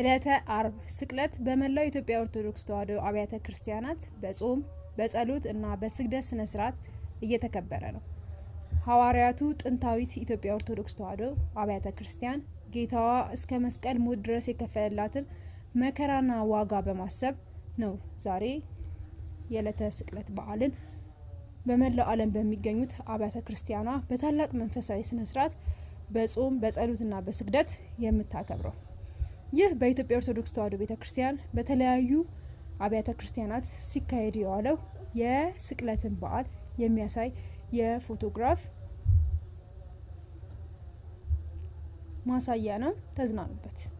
ዕለተ አርብ ስቅለት በመላው ኢትዮጵያ ኦርቶዶክስ ተዋሕዶ አብያተ ክርስቲያናት በጾም በጸሎት እና በስግደት ስነ ስርዓት እየተከበረ ነው። ሐዋርያቱ ጥንታዊት ኢትዮጵያ ኦርቶዶክስ ተዋሕዶ አብያተ ክርስቲያን ጌታዋ እስከ መስቀል ሞት ድረስ የከፈለላትን መከራና ዋጋ በማሰብ ነው ዛሬ የዕለተ ስቅለት በዓልን በመላው ዓለም በሚገኙት አብያተ ክርስቲያኗ በታላቅ መንፈሳዊ ስነ ስርዓት በጾም በጸሎትና በስግደት የምታከብረው። ይህ በኢትዮጵያ ኦርቶዶክስ ተዋሕዶ ቤተ ክርስቲያን በተለያዩ አብያተ ክርስቲያናት ሲካሄድ የዋለው የስቅለትን በዓል የሚያሳይ የፎቶግራፍ ማሳያ ነው። ተዝናኑበት።